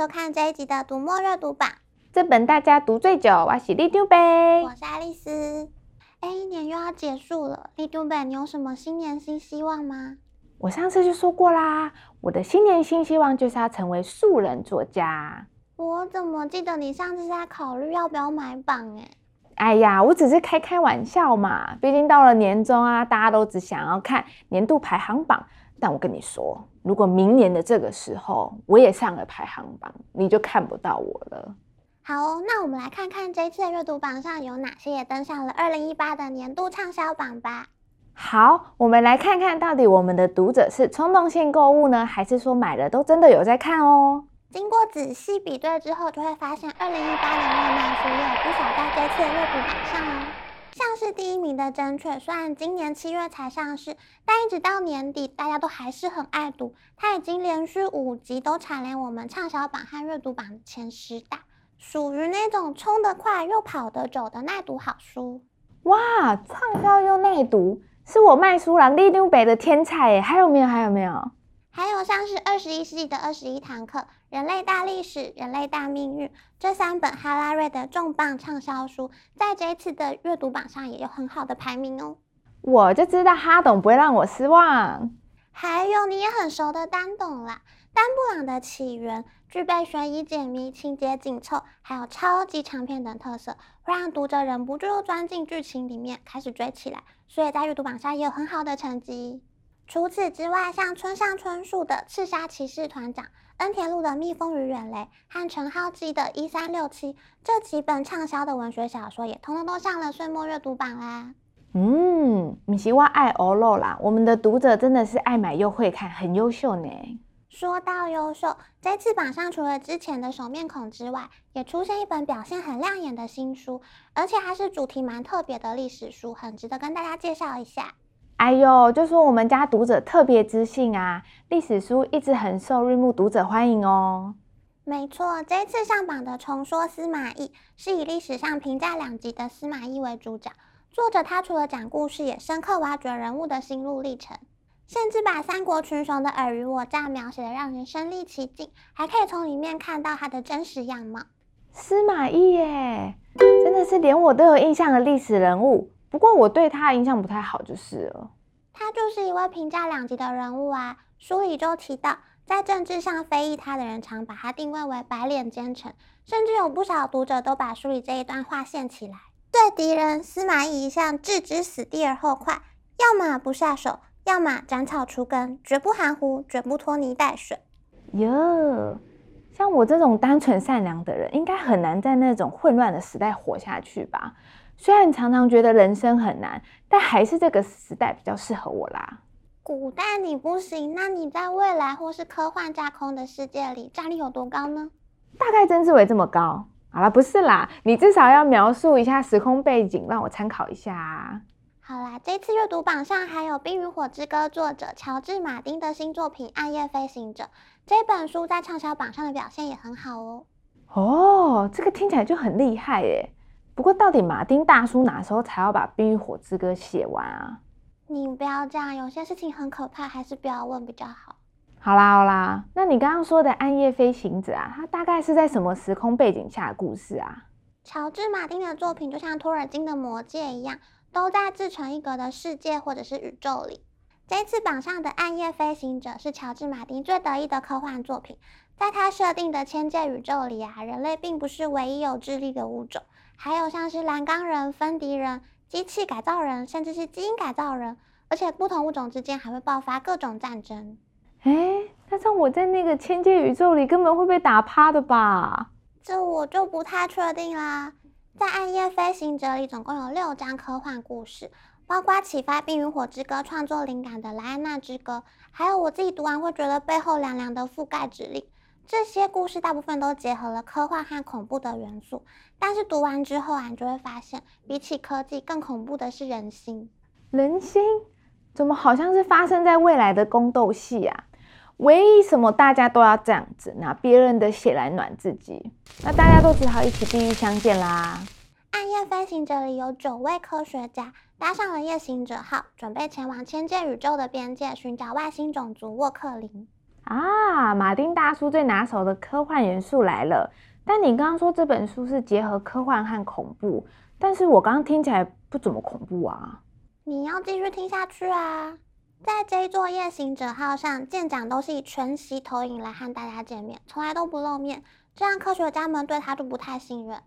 收看這一集的讀墨閱讀榜，這本大家讀最久，我是利丟唄，我是愛麗絲。哎，一年又要結束了，利丟貝，你有什麼新年新希望嗎？我上次就說過啦，我的新年新希望就是要成為素人作家。我怎麼記得你上次是在考慮要不要買榜哎、欸？哎呀，我只是開開玩笑嘛，畢竟到了年終啊，大家都只想要看年度排行榜。但我跟你說，如果明年的這個時候我也上了排行榜，你就看不到我了。好哦，那我們來看看這次的閱讀榜上有哪些也登上了二零一八的年度暢銷榜吧。好，我們來看看到底我們的讀者是衝動性購物呢，還是說買了都真的有在看哦？經過仔細比對之後，就會發現二零一八年的熱門書也有不少在這次的閱讀榜上哦。像是第一名的《真確》，雖然今年七月才上市，但一直到年底，大家都還是很愛讀。它已經連續五集都蟬聯我們暢銷榜和閱讀榜前十大，屬於那種衝得快又跑得久的耐讀好書。哇，暢銷又耐讀，是我賣書郎第六北的天才耶！還有沒有？還有沒有？還有像是《二十一世紀的二十一堂課》。人類大歷史、人類大命運這三本哈拉瑞的重磅暢銷書，在這一次的閱讀榜上也有很好的排名哦。我就知道哈董不會讓我失望。還有你也很熟的丹董啦。丹布朗的起源具備懸疑解謎、情節緊湊，還有超級長篇等特色，會讓讀者忍不住鑽進劇情裡面開始追起來，所以在閱讀榜上也有很好的成績。除此之外，像村上春樹的《刺殺騎士團長》，恩田陸的《蜜蜂與遠雷》，和陳浩基的《一三六七》，這幾本暢銷的文學小說也統統都上了歲末閱讀榜啦。嗯，米奇望愛歐露啦，我們的讀者真的是愛買又會看，很優秀呢。說到優秀，在此榜上除了之前的熟面孔之外，也出現一本表現很亮眼的新書，而且還是主題蠻特別的歷史書，很值得跟大家介紹一下。哎呦就說我們家讀者特別知性啊，歷史書一直很受讀墨讀者歡迎哦。沒錯，這一次上榜的《重說司馬懿》是以歷史上評價兩極的司馬懿為主角，作者他除了講故事，也深刻挖掘人物的心路歷程，甚至把三國群雄的爾虞我詐描寫得讓人身臨其境，還可以從裡面看到他的真實樣貌。司馬懿耶，真的是連我都有印象的歷史人物。不過我對他的印象不太好，就是了。他就是一位評價兩極的人物啊。書裡就提到，在政治上非議他的人常把他定位為白臉奸臣，甚至有不少讀者都把書裡這一段劃線起來。對敵人，司馬懿一向置之死地而後快，要麼不下手，要麼斬草除根，絕不含糊，絕不拖泥帶水。喲。Yeah. 像我這種單純善良的人，應該很難在那種混亂的時代活下去吧？雖然常常覺得人生很難，但還是這個時代比較適合我啦。古代你不行，那你在未來或是科幻架空的世界裡，戰力有多高呢？大概曾志偉這麼高。好了，不是啦，你至少要描述一下時空背景，讓我參考一下啊。好啦，這次閱讀榜上還有《冰與火之歌》作者喬治·馬丁的新作品《暗夜飛行者》這本書，在暢銷榜上的表現也很好哦。哦，這個聽起來就很厲害耶。不過，到底馬丁大叔哪時候才要把《冰與火之歌》寫完啊？你不要這樣，有些事情很可怕，還是不要問比較好。好啦好啦，那你剛剛說的《暗夜飛行者》啊，它大概是在什麼時空背景下的故事啊？喬治·馬丁的作品就像托爾金的《魔戒》一樣。都在自成一格的世界或者是宇宙裡。這一次榜上的《暗夜飛行者》是喬治·馬丁最得意的科幻作品，在他設定的千界宇宙裡啊，人類並不是唯一有智力的物種，還有像是藍鋼人、芬迪人、機器改造人，甚至是基因改造人，而且不同物種之間還會爆發各種戰爭。哎，那像我在那個千界宇宙裡，根本會被打趴的吧？這我就不太確定啦。在《暗夜飛行者》裡，總共有六章科幻故事，包括啟發《冰與火之歌》創作靈感的萊安娜之歌，還有我自己讀完會覺得背後涼涼的《覆蓋之力》。這些故事大部分都結合了科幻和恐怖的元素，但是讀完之後啊，你就會發現，比起科技，更恐怖的是人心。人心怎麼好像是發生在未來的宮鬥戲啊？為什麼大家都要這樣子拿別人的血來暖自己？那大家都只好一起地獄相見啦！暗夜飛行者裡有九位科學家搭上了夜行者號，準備前往千界宇宙的邊界，尋找外星種族沃克林。啊，馬丁大叔最拿手的科幻元素來了！但你剛剛說這本書是結合科幻和恐怖，但是我剛剛聽起來不怎麼恐怖啊！你要繼續聽下去啊！在這一座夜行者號上，艦長都是以全息投影來和大家見面，從來都不露面，這樣科學家們對他都不太信任。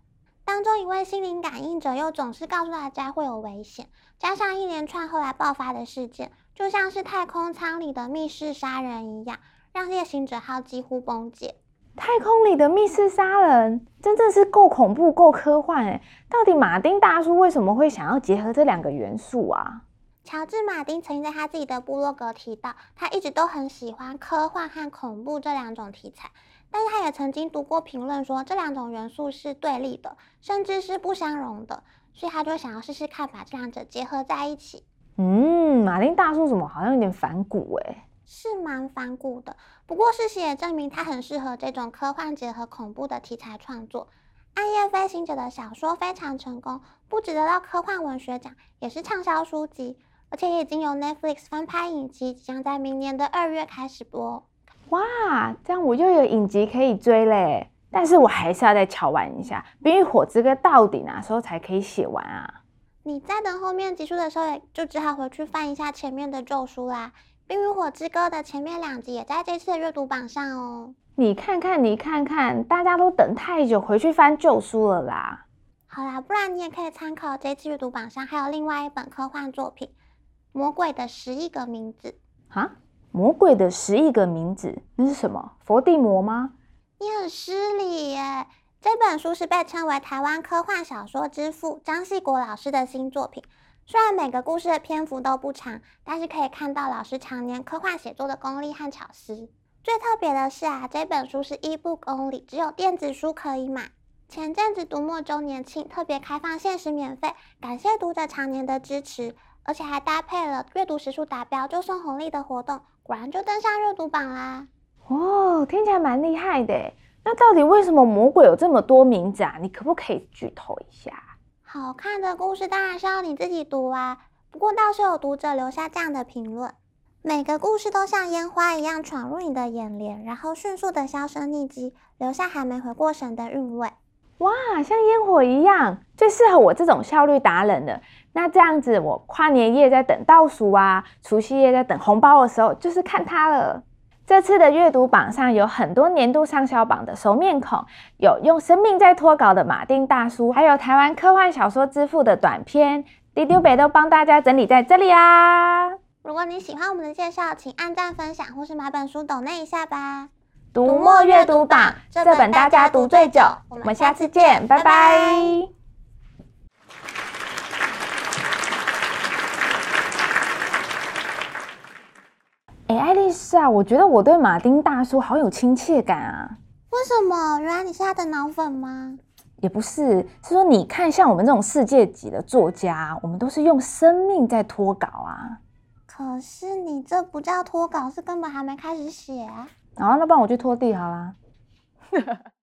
當中一位心靈感應者又總是告訴大家會有危險，加上一連串後來爆發的事件，就像是太空艙裡的密室殺人一樣，讓夜行者號幾乎崩解。太空裡的密室殺人，真正是夠恐怖、夠科幻誒、欸。到底馬丁大叔為什麼會想要結合這兩個元素啊？喬治·馬丁曾經在他自己的部落格提到，他一直都很喜歡科幻和恐怖這兩種題材，但是他也曾經讀過評論說這兩種元素是對立的，甚至是不相容的，所以他就想要試試看把這兩者結合在一起。嗯，馬丁大叔怎麼好像有點反骨誒、欸，是蠻反骨的，不過事實也證明他很適合這種科幻結合恐怖的題材創作。《暗夜飛行者》的小說非常成功，不只得到科幻文學獎，也是暢銷書籍。而且已經有 Netflix 翻拍影集，即將在明年的二月開始播。哇，這樣我又有影集可以追嘞！但是我還是要再瞧完一下嗯、《冰與火之歌》，到底哪時候才可以寫完啊？你在等後面集數的時候，也就只好回去翻一下前面的舊書啦。《冰與火之歌》的前面兩集也在這次的閱讀榜上哦、喔。你看看，你看看，大家都等太久，回去翻舊書了啦。好啦，不然你也可以參考這次閱讀榜上還有另外一本科幻作品。魔鬼的十億個名字。哈，魔鬼的十億個名字，那是什麼？佛地魔嗎？你很失禮耶！這本書是被稱為台灣科幻小說之父張系國老師的新作品。雖然每個故事的篇幅都不長，但是可以看到老師常年科幻寫作的功力和巧思。最特別的是啊，這本書是一部公禮，只有電子書可以買。前陣子讀墨周年慶特別開放限時免費，感謝讀者常年的支持。而且還搭配了閱讀時數達標就送紅利的活動，果然就登上閱讀榜啦！哦，聽起來蠻厲害的耶。那到底為什麼魔鬼有這麼多名字啊？你可不可以劇透一下？好看的故事當然是要你自己讀啊。不過倒是有讀者留下這樣的評論：每個故事都像煙花一樣闖入你的眼簾，然後迅速的銷聲匿跡，留下還沒回過神的韻味。哇，像煙火一樣，最適合我這種效率達人了。那這樣子，我跨年夜在等倒數啊，除夕夜在等紅包的時候，就是看它了。這次的閱讀榜上有很多年度暢銷榜的熟面孔，有用生命在脫稿的馬丁大叔，還有台灣科幻小說之父的短篇，滴丟北都幫大家整理在這裡啊。如果你喜歡我們的介紹，請按讚、分享或是買本書抖內一下吧。讀墨閱讀榜，這本大家讀最久。最久我們下次見，拜拜。哎，愛麗絲啊，我覺得我對馬丁大叔好有親切感啊。為什麼？原來你是他的腦粉嗎？也不是，是說你看，像我們這種世界級的作家，我們都是用生命在拖稿啊。可是你這不叫拖稿，是根本還沒開始寫啊。好，那幫我去拖地好了。